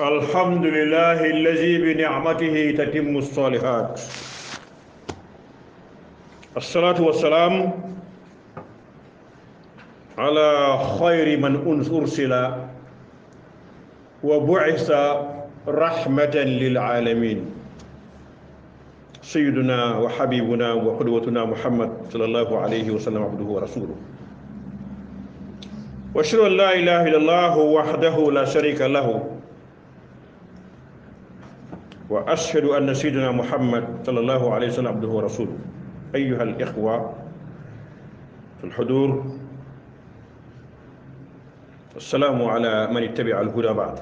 الحمد لله الذي بنعمته تتم الصالحات الصلاة والسلام على خير من أرسل وبعث رحمة للعالمين سيدنا وحبيبنا وقدوتنا محمد صلى الله عليه وسلم عبده ورسوله واشهد ان لا اله الا الله وحده لا شريك له وأشهد أن سيدنا محمد صلى الله عليه وسلم عبده ورسوله أيها الإخوة في الحضور السلام على من اتبع الهدى بعد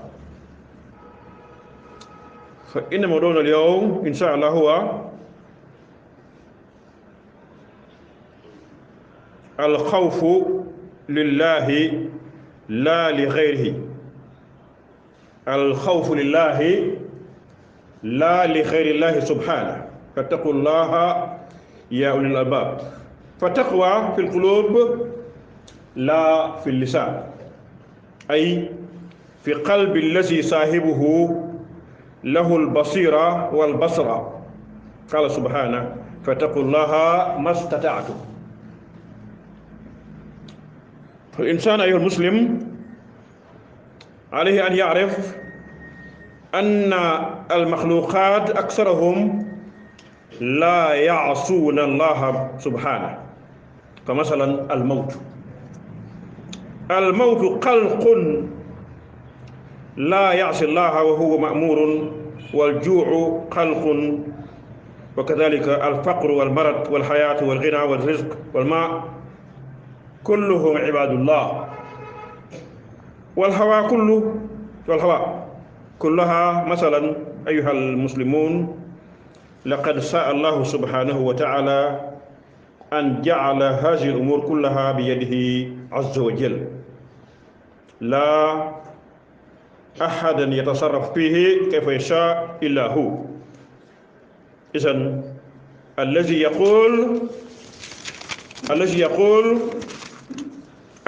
فإن موضوعنا اليوم إن شاء الله هو الخوف لله لا لغيره الخوف لله لا لخير الله سبحانه فاتقوا الله يا أولي الألباب فتقوى في القلوب لا في اللسان أي في قلب الذي صاحبه له البصيرة والبصرة قال سبحانه فاتقوا الله ما استطعتم الإنسان أيها المسلم عليه أن يعرف أن المخلوقات أكثرهم لا يعصون الله سبحانه فمثلا الموت الموت قلق لا يعصي الله وهو مأمور والجوع قلق وكذلك الفقر والمرض والحياة والغنى والرزق والماء كلهم عباد الله والهوى كله والهواء كلها مثلا أيها المسلمون لقد شاء الله سبحانه وتعالى أن جعل هذه الأمور كلها بيده عز وجل لا أحد يتصرف فيه كيف يشاء إلا هو إذن الذي يقول الذي يقول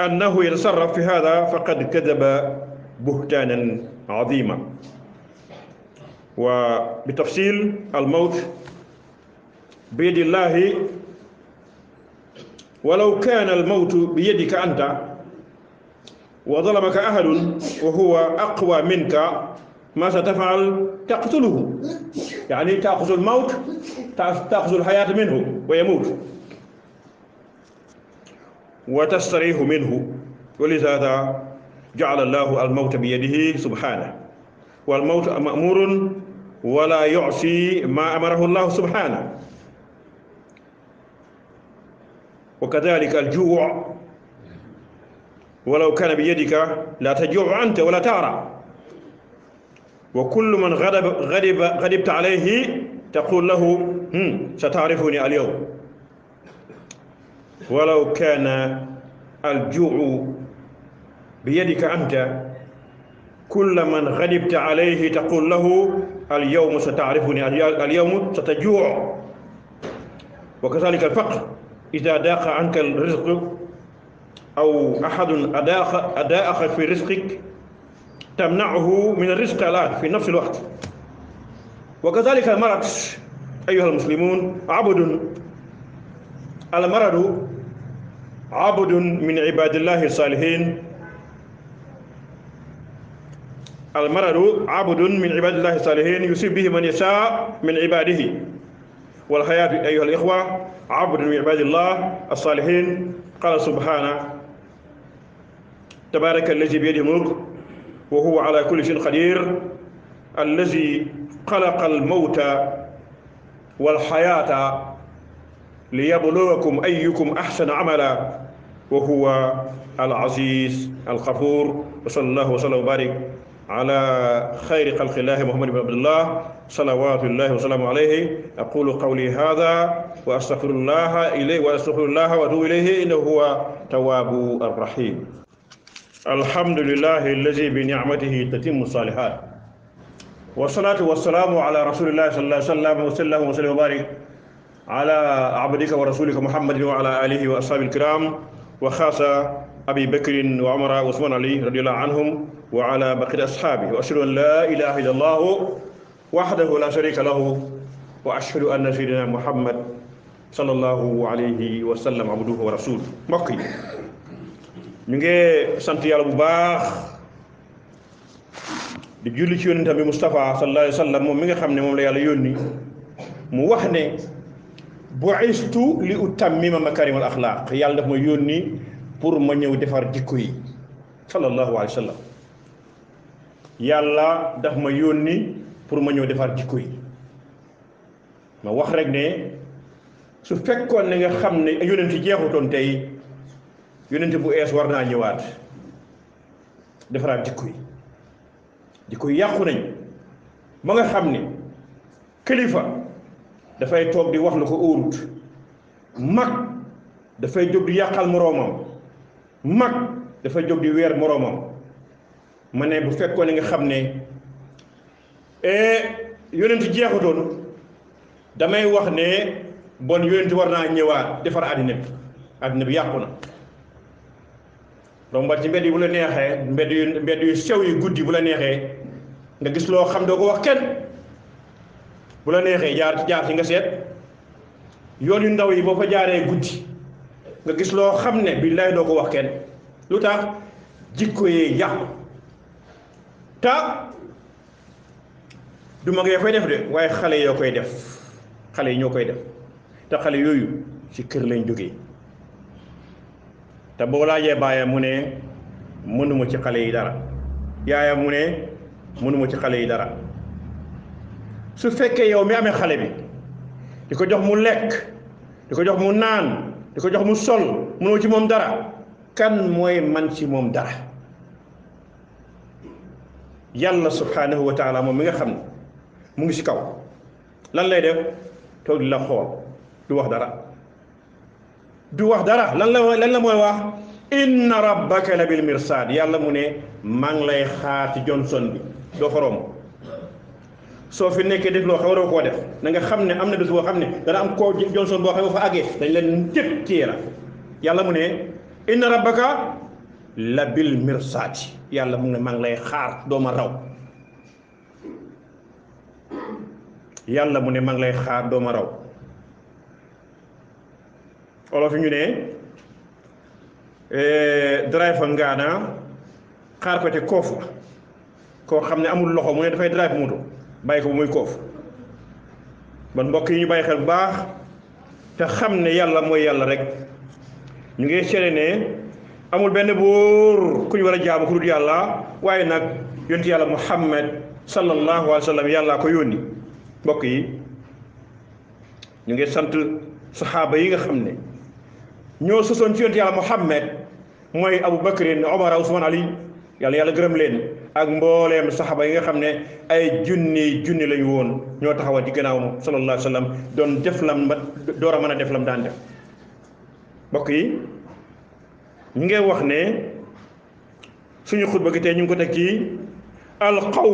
أنه يتصرف في هذا فقد كذب بهتانا عظيمة وبتفصيل الموت بيد الله ولو كان الموت بيدك أنت وظلمك أهل وهو أقوى منك ما ستفعل تقتله يعني تأخذ الموت تأخذ الحياة منه ويموت وتستريح منه ولذا جعل الله الموت بيده سبحانه والموت مأمور ولا يعصي ما أمره الله سبحانه وكذلك الجوع ولو كان بيدك لا تجوع أنت ولا تعرى وكل من غضب غضب غضبت عليه تقول له هم ستعرفني اليوم ولو كان الجوع بيدك أنت كل من غلبت عليه تقول له اليوم ستعرفني اليوم ستجوع وكذلك الفقر إذا داق عنك الرزق أو أحد أداخ أداخ في رزقك تمنعه من الرزق الآن في نفس الوقت وكذلك المرض أيها المسلمون عبد المرض عبد من عباد الله الصالحين المرض عبد من عباد الله الصالحين يصيب به من يشاء من عباده والحياة أيها الإخوة عبد من عباد الله الصالحين قال سبحانه تبارك الذي بيده الملك وهو على كل شيء قدير الذي خلق الموت والحياة ليبلوكم أيكم أحسن عملا وهو العزيز الغفور وصلى الله وسلم وبارك على خير خلق الله محمد بن عبد الله صلوات الله وسلامه عليه أقول قولي هذا وأستغفر الله إليه وأستغفر الله وأتوب إليه إنه هو تواب الرحيم الحمد لله الذي بنعمته تتم الصالحات والصلاة والسلام على رسول الله صلى الله عليه وسلم وسلم وسلم وبارك على عبدك ورسولك محمد وعلى آله وأصحابه الكرام وخاصة أبي بكر وعمر وعثمان علي رضي الله عنهم وعلى بقية أصحابه وأشهد أن لا إله إلا الله وحده لا شريك له وأشهد أن سيدنا محمد صلى الله عليه وسلم عبده ورسوله مقي ñu ngi sant yàlla bu baax di julli ci yonentam bi Moustapha sallallahu alayhi wa sallam moom mi nga xam ne moom la yàlla yónni mu wax ne buistu li utammima makarim al axlaq yàlla daf ma yónni pour ma ñëw defar jikko yi sallallahu alayhi wa sallam yàlla daf ma yónni pour ma ñëw defar jikko yi ma wax rek ne su fekkoon nga xam ne yonent jeexutoon tey bu ees war naa ñëwaat defaraat jikko yi jikko yi yàqu nañ ba nga xam ne kilifa dafay toog di wax lu ko óorut mag dafay jóg di yàqal moroomam mag dafa jóg di weer moroomam ma ne bu fekkoon nga xam ne eh, yonent jeexutoon damay wax ne bon yonent war naa ñëwaat defar àddina bi àddina bi yàqu na rombat ci mbedd yi bu la neexee mbedd yu mbedd yu sew yu guddi bu la neexee nga gis loo xam doo ko wax kenn bu la neexee jaar jaar ci nga seet yoon yu ndaw yi boo fa jaaree guddi nga gis loo xam ne billaay doo ko wax kenn lu tax jikko yee yàqu te du mag ya koy def de waaye xale yoo koy def xale yi ñoo koy def te xale yooyu ci kër lañ jóge te boo laajee baayam mu ne mënuma ci xale yi dara yaayam mu ne mënuma ci xale yi dara su fekkee yow mi amee xale bi di ko jox mu lekk di ko jox mu naan di ko jox mu sol mënoo ci moom dara kan mooy man ci moom dara yàlla subhanahu wa taala moom mi nga xam ne mu ngi ci kaw lan lay def toog la xool du wax dara du wax dara lan la lan la mooy wax inna rabbaka la bil mirsad yàlla mu ne maa ngi lay xaar ci Johnson bi doo xoroom soo fi nekkee def loo xam waroo koo def na nga xam ne am na bés boo xam ne dana am koo Johnson boo xam ne fa àggee dañ leen njëkk ci la yàlla mu ne inna rabbaka labil mirsaati yàlla mu ne maa ngi lay xaar doo ma raw yàlla mu ne maa ngi lay xaar doo ma raw olof ñu ne drive ngaana xaar ko te koof la koo xam ne amul loxo mu ne dafay drive moto bàyyi ko muy koofu man mbokk yi ñu bàyyi xel bu baax te xam ne yàlla mooy yàlla rek ñu ngi seede ne amul benn buur ku ñu war a jaamu ku dul yàlla waaye nag yonti yàlla muhammad sallallahu alayhi wa sallam yàllaa ko yónni mbokk yi ñu ngi sant saxaaba yi nga xam ne ñoo sosoon ci yonti yàlla muhammad mooy abou bakrin omar usman ali yàlla yàlla gërëm leen ak mbooleem saxaba yi nga ne ay junni junni lañ woon ñoo taxawal ci gannaaw moom sallallahu alayhi wa sallam doon def lam ba door def lam daan def yi wax ne suñu xutba gi tey ñu ngi ko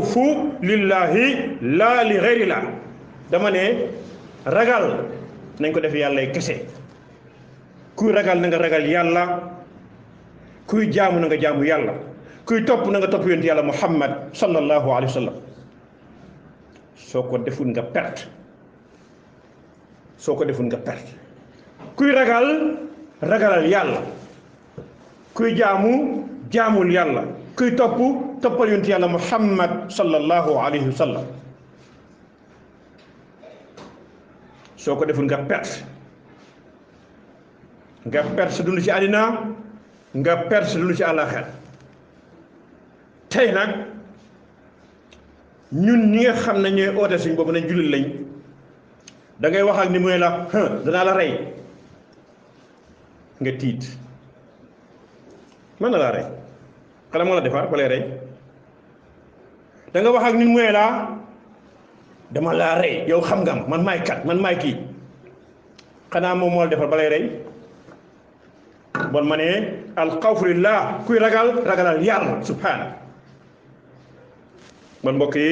lil lahi la lillahi laa li xeyri dama ne ragal nañ ko def kese kuy ragal na nga ragal yalla, kuy jaamu na nga jaamu yàlla kuy topp na nga topp yonent muhammad sallallahu alaihi wa sallam soo ko deful nga perte soo ko deful nga perte kuy ragal ragalal yàlla kuy jamu, jaamul yàlla kuy topp toppal yonent muhammad sallallahu alaihi wa sallam soo ko deful nga perte nga perte sa dund ci àddina nga perte dund ci tey nag ñun ñi xam ne ñooy oote suñ boobu nañ jullit lañ da ngay wax ak ni mooy la danaa la rey nga tiit mën na laa rey xanaa moo la defar ba rey da wax ak nit mooy laa dama laa rey yow xam nga man maay kat man maay kii xanaa moom moo la defar ba lay rey bon ma ne alxawfu lillah kuy ragal ragalal yàlla subhaana man mbokk yi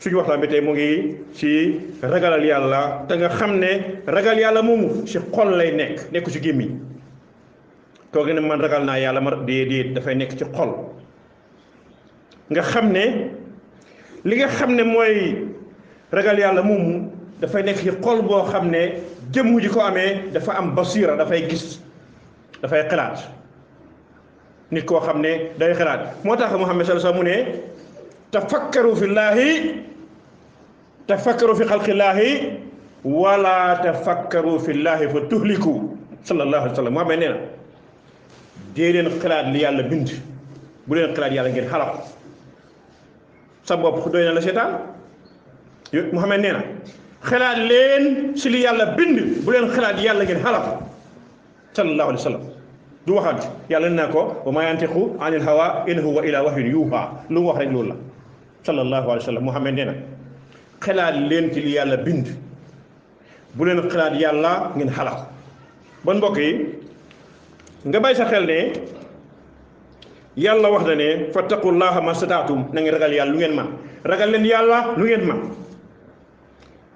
suñu waxtaan bi tey mu ngi ci ragalal yàlla te nga xam ne ragal yàlla moomu ci xol lay nekk nekk ci gémmiñ toog ne man ragal naa yàlla ma déedéet dafay nekk ci xol nga xam ne li nga xam ne mooy ragal yàlla moomu dafay nekk ci xol boo xam ne jëmm ji ko amee dafa am basira dafay gis dafay xalaat nit koo xam ne day xalaat moo tax Muhammad sallallahu alayhi wa sallam mu ne تفكروا في الله تفكروا في خلق الله ولا تفكروا في الله فتهلكوا صلى الله عليه وسلم ما بيننا ديرين خلاد لي الله بنت بولين خلاد يالا غير خلاق سبب خدوينا لا شيطان محمد نينا خلاد لين سلي يالا بند بولين خلاد يالا غير خلاق صلى الله عليه وسلم دو واحد يالا نكو وما ينتقو عن الهوى ان هو الى وحي يوحى لو واخ رك لول صلى الله عليه وسلم محمد nee خلال لين تي ci li yàlla bind bu leen xalaat yàlla ngeen xalaat nga bay sa xel ne yàlla wax na ne fattaqullaha ma stataatum na ngeen ragal yàlla lu ngeen man ragal len yàlla lu ngeen man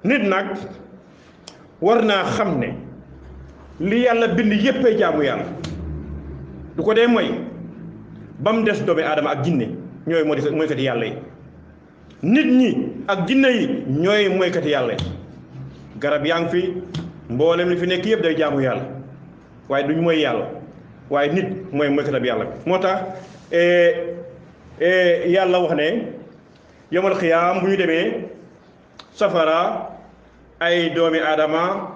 nit nak warna xamne li yàlla bind yeppe jaamu yàlla du ko dee mooy ba mu des doomi ak jinne ñooy mooy moy fet yàlla yi nit ñi ak jinne yi ñooy moykati yàlla yi garab yaa ngi fi mboolem li fi nekk yëpp day jaamu yàlla waaye duñ moy yàlla waaye nit mooy moykat yàlla bi moo tax e, e, yàlla wax ne yomal xiyaam bu ñu demee safara ay doomi aadama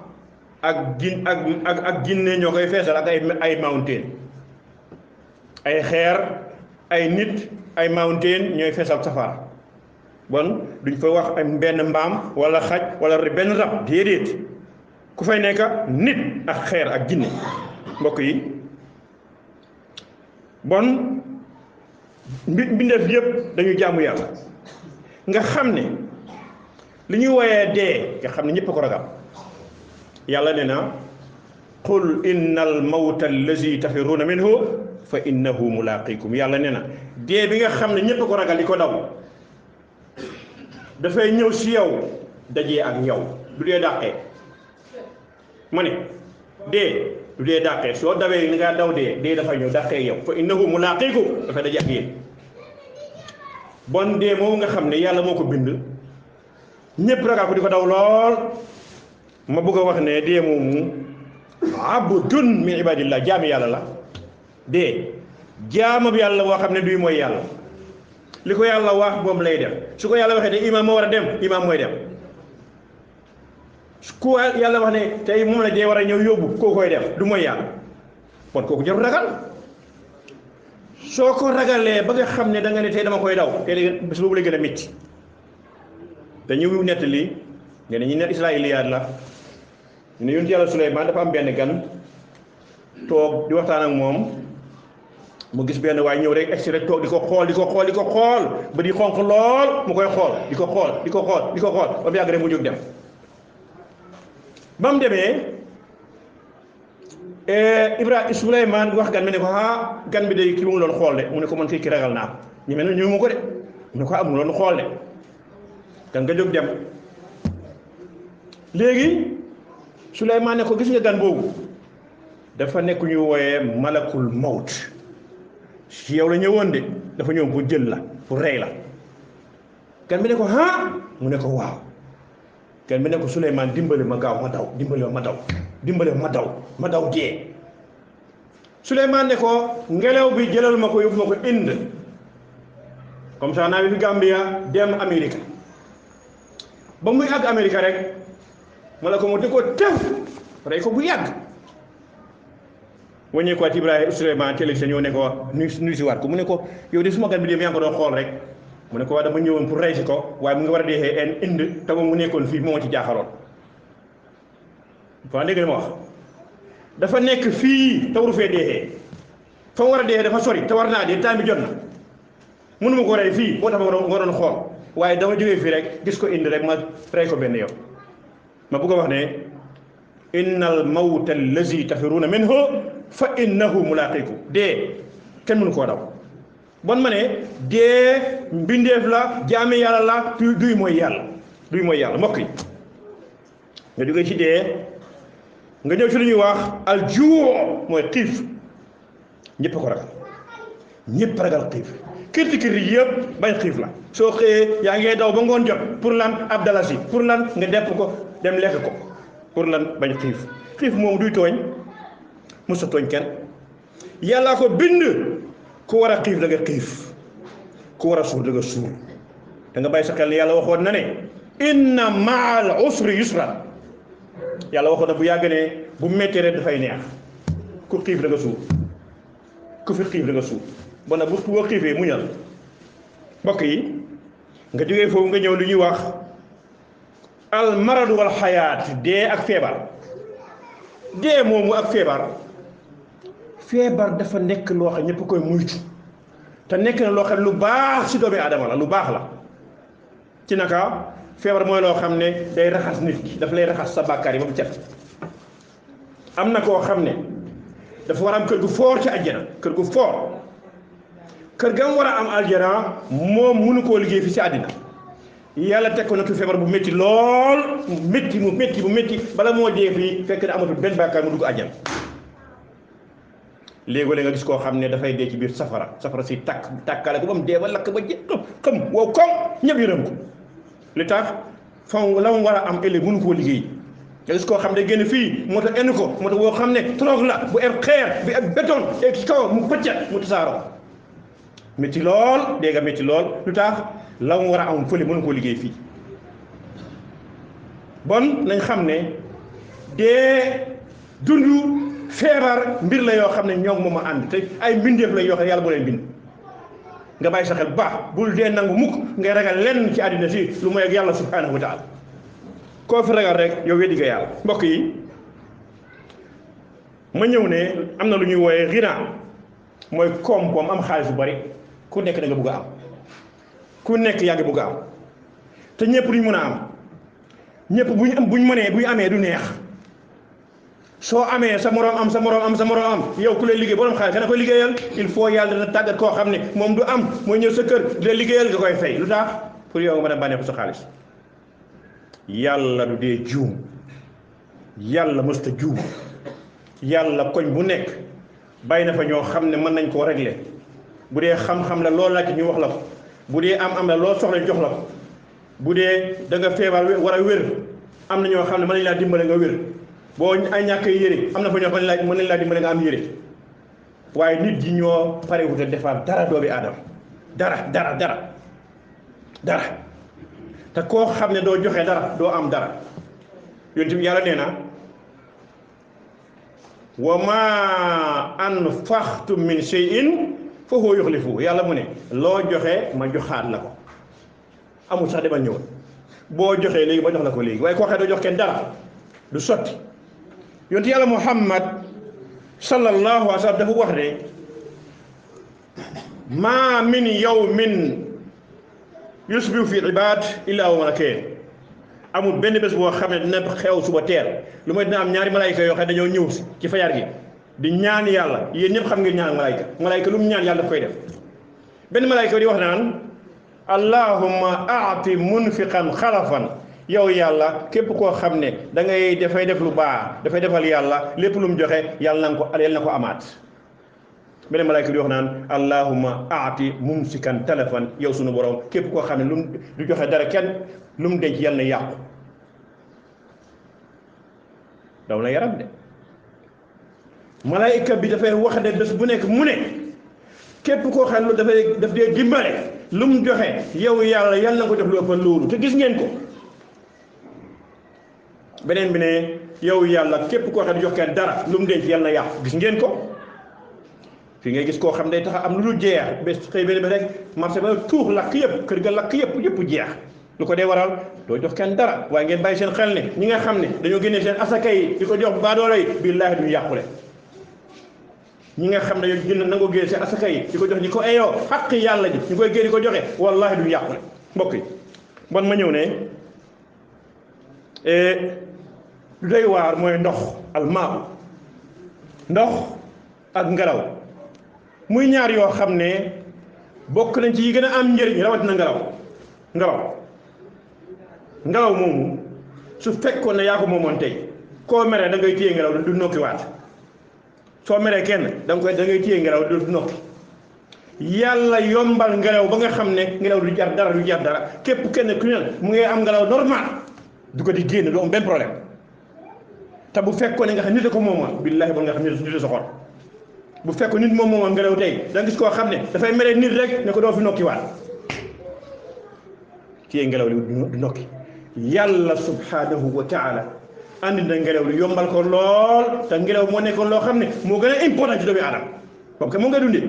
ak jin ak ak ak ñoo koy feesal ak ay ay mountain ay xeer ay nit ay mountain ñooy feesal safara bon duñ fa wax am benn mbaam wala xaj wala benn rab déedéet ku fay nekk nit ak xeer ak jinne mbokk yi bon mbindeef yépp dañu jàmm yàlla nga xam ne li ñuy woyee dee nga xam ne ñëpp ko ragal yàlla nee na qul inna al mawta allazi tafiruuna minhu fa innahu mulaqikum yàlla nee na dee bi nga xam ne ñëpp ko ragal di ko daw dafay ñëw si yow dajee ak ñaw du dee dàqee mu ne dee du dee dàqee soo dawee ni nga daw de dee dafay ñëw dàqee yow fa innahu mulaaqiikum dafay dajee ak yéen bon dee moom nga xam ne yàlla moo ko bind ñëpp ragal ko di ko daw lool ma bëgg a wax ne dee moomu abdun min ibadillah jaami yàlla la dee jaamab yàlla boo xam ne duy mooy yàlla li ko yàlla wax moom lay def su ko yàlla ya waxee ne imaam moo war a dem imaam mooy dem ku yàlla wax ne tey moom la dee war a ñëw yóbbu koo koy def du mooy yàlla kon kooku jarul ragal soo ko ragalee ba nga xam ne da nga ne tey dama koy daw tey de bés boobu la gën a métti ne ñu ne israiliyaat la ñu ne yonent yàlla dafa am benn gan toog di waxtaan ak moom mu gis benn waaye ñëw rek egsi rek toog di ko xool di ko xool ko xool ba di xonq lool mu koy xool di ko xool di ko xool di ko xool ba mu yàgg rek mu jóg dem ba mu demee eh, Ibrahima Souleymane wax gan bi ne ko ah, gan bi day ki mu ngi xool de mu ne ko man kii ki ragal naa ko ñu mel ne ñu mu ko de mu ko amul ah, mu xool de gan nga jóg dem léegi Souleymane ne ko gis nga gan boobu dafa nekk ñu wooyee malakul mawt yow la ñëwoon de dafa ñëw pour jël la pour rey la kan bi ne ko ha mu ne ko waaw kan bi ne ko suleyman dimbale ma gaaw ma daw dimbale ma daw dimbale ma daw ma daw dee suleyman ne ko ngelaw bi jëlal ma ko yóbbu ma ko inde comme ça naa fi gambia dem Amerika. ba muy àgg america rek ma la ko mu di ko rey ko bu yàgg waññee ko at Ibrahima Souleymane ci élection ñëw ne ko nuyu nuyu si waat ko mu ne ko yow de suma gan bi dem yaa ngi doon xool rek mu ne ko waa dama ñëwoon pour rey ko waaye mu war a deexee en te mu nekkoon fii moo ci jaaxaloon waa dégg nekk fii te waru fee war a deexee dafa sori te war naa dee temps bi jot na fii moo tax ma nga doon xool waaye dama jógee fii rek gis ko indi rek ma rey ko benn yow ma bëgg a wax ne innal mawta allazi tafiruuna minhu fa innahu mulaaqiku dee kenn mënu koo daw bon ma ne dee mbindeef la jaame yàlla la tuy duy mooy yàlla duy mooy yàlla mbokk yi nga jógee ci dee nga ñëw ci lu ñuy wax aljuuo mooy xiif ñëpp ko ragal ñëpp ragal xiif kër yi yëpp bañ xiif la soo xëyee yaa ngi daw ba ngoon jot pour lan ab dalasi pour lan nga depp ko dem lekk ko pour lan bañ xiif xiif moom duy tooñ musa toñ ken yalla ko bind ku wara xif xiif da nga xiif ku wara sur suur da nga suur da nga bay sa xel yàlla waxoon na ne inna maal usri yusra yàlla waxoon na bu yagne ne bu méttee rek fay neex ku xif da nga suur ku fi xif da nga suur bon bu bu boo xiifee muñal mbokk yi nga jógee foofu nga ñëw lu ñuy wax al maradu wal hayat de ak febar de momu ak febar feebar dafa nekk loo xam ñëpp koy muytu te nekk na loo xam lu baax si doomi aadama la lu baax la ci naka feebar mooy loo xam ne day raxas nit ki dafa lay raxas sa bàkkaar yi ba na koo xam ne dafa war a am kër gu foor ci àjjana kër gu foor kër ga mu war a am àjjana moom mënu koo liggéey fi si àddina yàlla teg ko nag feebar bu metti lool mu métti mu metti mu métti bala moo dee fii fekk na amatul benn bàkkaar mu dugg àjjana léegoo-léeg nga gis koo xam ne dafay dee ci biir safara safara si tàkk tàkkale ko ba mu dee ba lakk ba jeex xam wow koŋ ñëpp yërëm ko li tax faw la mu war a am ëllëg mënu koo liggéey nga gis koo xam ne génn fii moo tax enn ko moo tax boo xam ne troog la bu eb er xeer bu eb er béton eg ci kaw mu pëcca mu tasaaroo métti lool dégg nga métti lool lu tax la war a am fële mënu koo liggéey fii bon nañ xam ne dee dund feebar mbir la yoo xam ne ñoom moom a ànd te ay mbindeef la yoo yàlla bu leen bind nga bàyyi sa xel baax bul dee nangu mukk ngay ragal lenn ci àddina si lu ma ak yàlla subhanahu wa taala koo fi ragal rek yow weddi nga yàlla mbokk yi ma ñëw ne am na lu ñuy wooyee rina mooy koom-koom am xaalis bu bari ku nekk da nga bëgg am ku nekk yàgg ngi bëgg am te ñëpp duñ mën a am ñëpp buñ am buñ mënee buñ amee du neex soo amee sa morom am sa morom am sa morom am yow ku lay liggéey borom xaalis dana koy liggéeyal il faut yàlla dana tàggat koo xam ne moom du am mooy ñëw sa kër di la liggéeyal nga koy fay lu tax pour yow nga mën a bànneeku sa xaalis yàlla du dee juum yàlla mësta juum yàlla koñ bu nekk bàyyi na fa ñoo xam ne mën nañ koo régler bu dee xam-xam la loo laajte ñu wax la ko bu dee am-am la loo soxla jox la ko bu dee da nga feebar war a wér am na ñoo xam ne mën nañ laa dimbale nga wér. boo ay ñàkk yére am na fa ñoo xam ne laaj mën nañ laa dimbale nga am yére waaye nit ji ñoo pare wut a defar dara doomi aadama dara dara dara te koo xam ne doo joxe dara doo am dara yonent bi yàlla nee na wa maa anfaqtum min shay'in fa huwa yukhlifu yàlla mu ne loo joxe ma joxaat la ko amul sax demal ñëw boo joxee léegi ma jox la ko léegi waaye koo xam ne doo jox kenn dara du sotti yonti yàlla muhammad sallallahu alaihi wa sallam dafa wax ne ma min yawmin yusbihu fi ibad illa wa malakain amul benn bés boo xam ne dina xew suba teel lu may dina am ñaari malayka yoo xam ne dañoo ñëw si ci fajar gi di ñaan yàlla yéen ñëpp xam ngeen ñaan malayka malayka lu mu ñaan yàlla daf koy def benn malayka di wax naan allahumma aati munfiqan xalafan yow yàlla képp koo xam ne da ngay dafay def lu baax dafay defal yàlla lépp lu mu joxe yàlla na ko yàlla na ko amaat beneen malaayka di wax naan allahumma aati yow sunu borom képp koo xam ne lu du joxe dara kenn lu mu denc yàlla yàqu daw na yaram de bi dafay wax ne bés bu nekk mu ne képp koo xam ne lu dafay daf dee dimbale lu mu joxe yow yàlla yàlla na ko def lu ëpp loolu te gis ngeen ko beneen bi ne yow yàlla képp koo xam ne jox kenn dara lu denc yàlla yàqu gis ngeen ko fi ngay gis koo xam day tax am lu dul jeex bés xëy benn bi rek marché ba tuux lakk yëpp kër ga lakk yëpp yëpp jeex lu ko dee waral doo jox kenn dara waaye ngeen bàyyi seen xel ne ñi nga xam ne dañoo génnee seen asaka yi di ko jox baadoolo yi billaahi duñu yàqule ñi nga xam ne yow jënd nangoo génne seen asaka yi di ko jox ñi ko eyoo xaq yàlla ji ñu koy génn di ko joxe wallaahi duñu yàqule mbokk yi bon ma ñëw ne eh, lu doy waar mooy ndox almaaw ndox ak ngelaw muy ñaar yoo xam ne bokk nañ ci yi gën a am njëriñ rawatina ngelaw ngelaw ngelaw moomu su fekkoon ne yaa ko moomoon tey koo meree da ngay téye ngelaw du nokki soo meree kenn da koy da ngay téye ngelaw du nokki yàlla yombal ngelaw ba nga xam ne ngelaw du jar dara du jar dara képp kenn ku ne mu ngi am ngelaw normal du ko di génn du am benn problème te bu fekkoon ne nga xam nit ko moomoon billahi bon nga xam nit nit soxor bu fekkoon nit moom moomoon nga rew tey da gis koo xam ne dafay mere nit rek ne ko doo fi nokki waat kii ngelaw li du nokki yàlla subhanahu wa taala andi na ngelaw li yombal ko lool te ngelaw moo nekkoon loo xam ne moo gën a important ci doomu aadama boobu moo nga dundee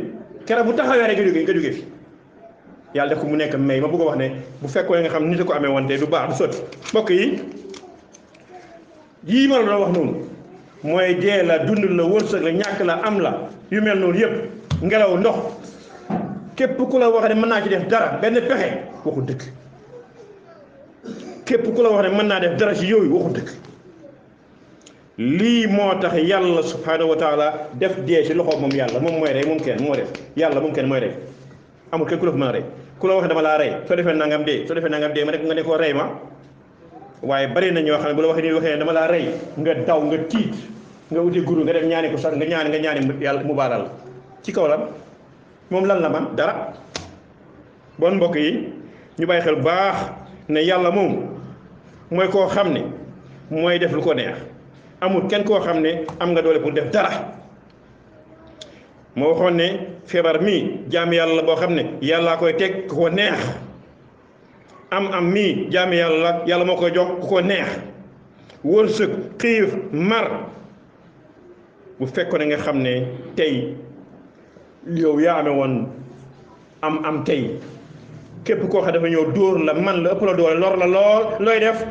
keroog bu taxawee rek nga jógee nga jógee fi yàlla def ko mu nekk may ma bëgg a wax ne bu fekkoon nga xam nit ko amee woon tey du baax du sotti mbokk yi yii ma la doon wax noonu mooy dee la dund la wërsëg la ñàkk la am la yu mel noonu yëpp ngelaw ndox képp ku la wax ne mën naa ci def dara benn pexe waxu dëkk képp ku la wax ne mën naa def dara yooyu waxu dëkk lii moo tax yàlla subhanahu wa def dee ci loxo moom yàlla moom mooy rey moom kenn moo def yàlla moom kenn mooy rey amul kenn ku la fa mën a rey ku la wax dama laa rey soo defee nangam dee soo defee nangam dee ma rek nga ne koo rey ma waaye bari na ñoo xam ne bu la waxee ni waxee dama laa rey nga daw nga tiit nga wuti guru nga dem ñaani ko sax nga ñaani nga ñaani yàlla mu baaral ci kaw lan moom lan la man dara bon mbokk yi ñu bàyyi xel baax ne yàlla moom mooy koo xam ne mooy def lu ko neex amul kenn koo xam ne am nga doole pour def dara moo waxoon ne feebar mii jaam yàlla boo xam ne yàllaa koy teg ko neex am am mii jaami yàlla la yàlla moo koy jox ku ko neex wërsëg xiif mar bu fekkoon ne nga xam ne tey yow yaa amee woon am am tey képp koo xam dafa ñëw dóor la man la ëpp la doole lool looy def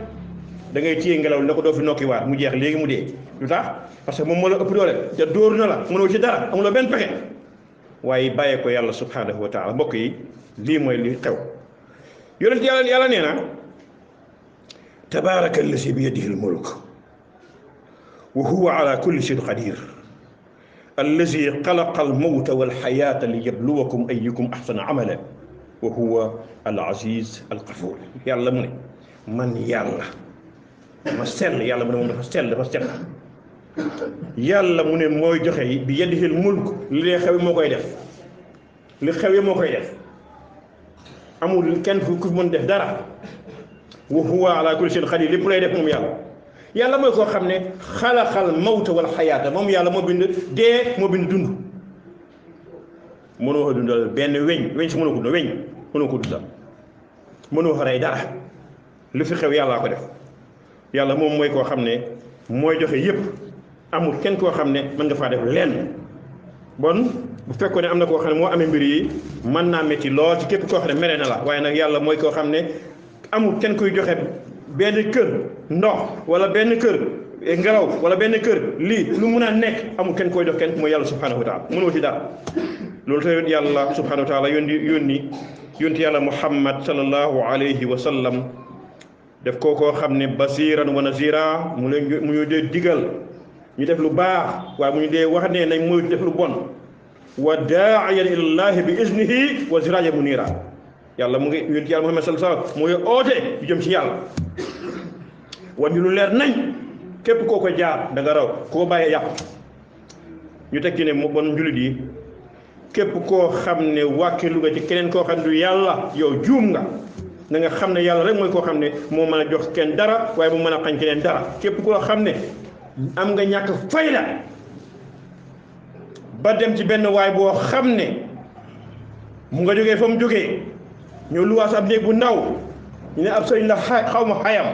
da ngay ngelaw ne ko doo fi nokki mu jeex léegi mu dee lu tax parce que moom moo la ëpp doole te dóor na la mënoo ci dara amuloo benn pexe waaye bàyyee ko yàlla subhanahu wa mbokk yi lii mooy li xew يونس يالا يالا نينا تبارك الذي بيده الملك وهو على كل شيء قدير الذي قلق الموت والحياه ليبلوكم ايكم احسن عملا وهو العزيز القفور يالا من من يالا ما سل يالا من من سل ما سل يالا من موي جوخي بيده الملك لي خوي موكاي ديف لي خوي موكاي ديف amul kenn ku ku mën def dara wa huwa ala kulli shay'in qadir lépp lay def moom yàlla yàlla mooy koo xam ne xalaxal mawta wal xayaata moom yàlla moo bind dee moo bind dund mënoo ko dundal benn weñ weñ si mënoo ko dundal weñ mënoo ko dundal mënoo ko rey dara lu fi xew yàllaa ko def yàlla moom mooy koo xam ne mooy joxe yépp amul kenn koo xam ne mën nga faa def lenn bon bu fekkone amna ko xamne mo amé mbir yi man na métti lool ci képp ko xamne mere na la waye nak yàlla moy ko xamne amul ken koy joxe ben keur ndox wala benn kër ngelaw wala ben keur li lu muna nek amul ken koy jox ken mooy yàlla subhanahu wa taala mënoo ci dara loolu tamit yàlla subhanahu wa taala yónni yoni yonti yàlla muhammad sallallahu alayhi wa sallam def ko ko xamne basiran wa nazira mu leen mu ñu digal ñu def lu baax waaye mu ñu dee wax ne nañ moytu def lu bon wa daa'iyan ilallahi bi iznihi wa munira yàlla mu ngi yonent yàlla muhammad sallallahu alayhi wasallam mu ngi oote yu jëm ci yàlla wan ñu lu leer nañ képp koo ko jaar da nga raw koo bàyyee yàqu ñu tekki ne mu bon njulit yi képp koo xam ne wàkkilu nga ci keneen koo xam du yàlla yow juum nga nga xam ne yàlla rek mooy koo xam ne moo mën a jox kenn dara waaye mu mën a xañ keneen dara képp koo xam ne am nga ñàkk fayda ba dem ci benn waay boo xam ne mu nga jógee fa mu jógee ñëw luwaas ab néeg bu ndaw ñu ne ab sëriñ la xaw ma xayam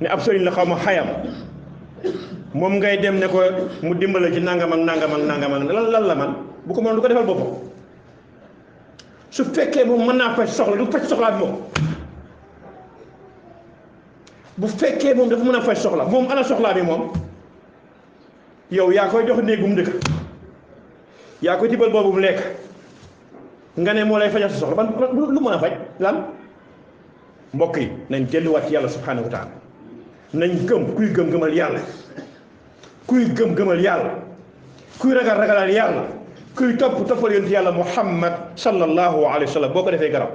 ne ab sëriñ la xawma xayam moom ngay dem ne ko mu dimbale ci nangam ak nangam ak nangam ak lan lan la man bu ko mën lu ko defal boppam su fekkee moom mën naa faj soxla du faj soxlaat moom bu fekkee moom dafa mën a faj soxla moom ana soxlaa bi moom yow yaa koy jox néegum dëkk yaa koy tibbal boobu mu lekk nga ne moo lay fajal sa soxla ban lu mën a faj lan mbokk yi nañ delluwaat ci yàlla subhanahu wa nañ gëm kuy gëm-gëmal yàlla kuy gëm-gëmal yàlla kuy ragal ragalal yàlla kuy topp toppal yonent yàlla muhammad sallallahu alayhi wa boo ko defee garab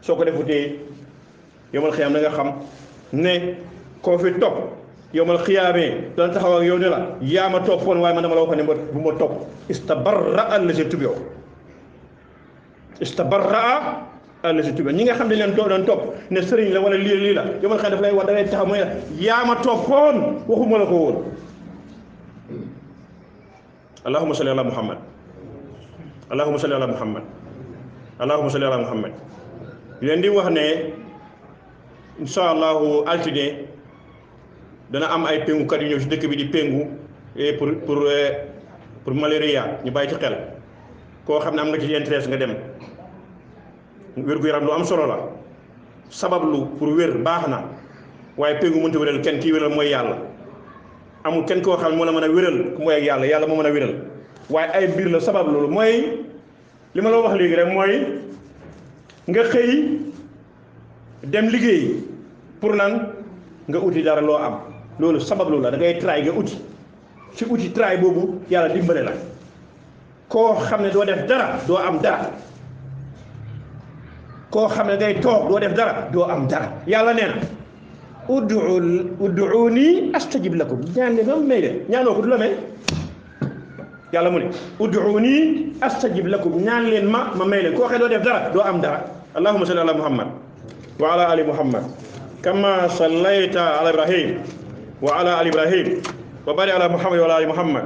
soo ko defutee yomal xiyam na nga xam ne ko fi top yow mal don taxaw ak yow ne la yama top won way man dama la waxoon ne bu mo top istabarra allati tubio istabarra allati tubio ñi nga xam dañ leen do don top ne serigne la wala li li la yow mal da fay lay war dalay taxaw mooy yama top won waxuma la ko won allahumma salli ala muhammad allahumma salli ala muhammad allahumma salli ala muhammad leen di wax ne inchallahu altine dana am ay pengukat yu ñëw ci dëkk bi di pengu e pour pour e, pour malaria ñu bàyyi ci xel koo xam ne am nga ci intérêt nga dem wér gu yaram lu am solo la sabablu pour wér baax na waaye pengu mënta wéral ken kii wéral mooy yàlla amul kenn koo xam mo moo la mën a ku mooy ak yàlla yàlla moo mën ay la sabab lu moy lima ma la wax léegi rek mooy nga xëy dem liggéey pour nan nga uti dara loo am loolu sabablu la da ngay try nga uti ci uti try boobu yàlla dimbale la koo xam ne doo def dara doo am dara koo xam ne day toog doo def dara doo am dara yàlla nee na uddu udduuni astajib lakum ñaan leen moom may leen ñaanoo ko du la may yàlla mu ne udduuni astajib ñaan leen ma ma may leen koo xam ne doo def dara doo am dara allahumma salli ala muhammad wa ala ali muhammad كما صليت على إبراهيم وعلى آل إبراهيم وبارك على محمد وعلى آل محمد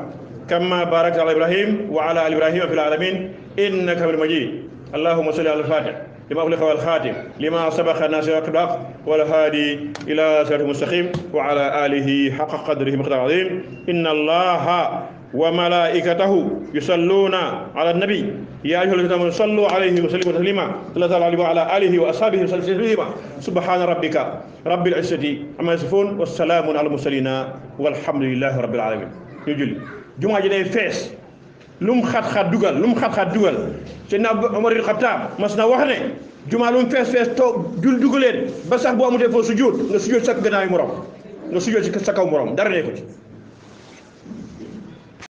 كما باركت على إبراهيم وعلى آل إبراهيم في العالمين إنك حميد مجيد اللهم صل على الفاتح لما أغلق والخاتم لما سبق الناس والحق والهادي إلى صراط المستقيم وعلى آله حق قدره مقدار عظيم إن الله وملائكته يصلون على النبي يا أيها الذين آمنوا صلوا عليه وسلموا تسليما صلى الله عليه وعلى آله وأصحابه وسلم تسليما سبحان ربك رب العزة عما يصفون والسلام على المرسلين والحمد لله رب العالمين يجل جمعة جدي فيس لum xat xat dugal lum xat xat dugal seydina عمر الخطاب مسنا mas جمعه wax ne jumaa تو fees fees toog jul dugaleen ba sax boo amutee نسجود sujjóot nga sujjóot sa gannaaw morom nga sujjóot si